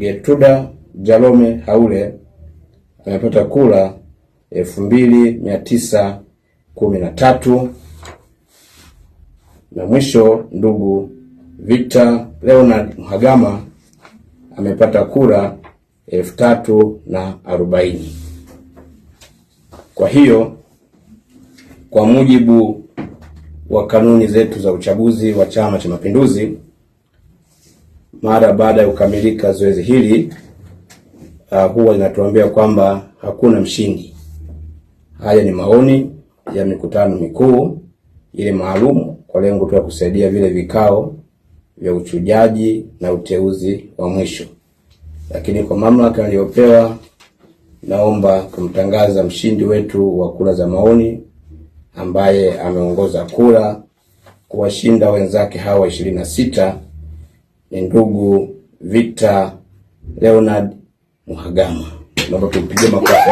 getruda Jalome Haule amepata kura elfu mbili mia tisa kumi na tatu. Na mwisho ndugu Victor Leonard Mhagama amepata kura elfu tatu na arobaini. Kwa hiyo kwa mujibu wa kanuni zetu za uchaguzi wa Chama cha Mapinduzi mara baada ya kukamilika zoezi hili uh, huwa inatuambia kwamba hakuna mshindi. Haya ni maoni ya mikutano mikuu ile maalum kwa lengo tu la kusaidia vile vikao vya uchujaji na uteuzi wa mwisho, lakini kwa mamlaka aliyopewa, naomba kumtangaza mshindi wetu wa kura za maoni ambaye ameongoza kura kuwashinda wenzake hawa ishirini na sita ni ndugu Victor Leonard Mhagama. Naomba tumpigie makofi.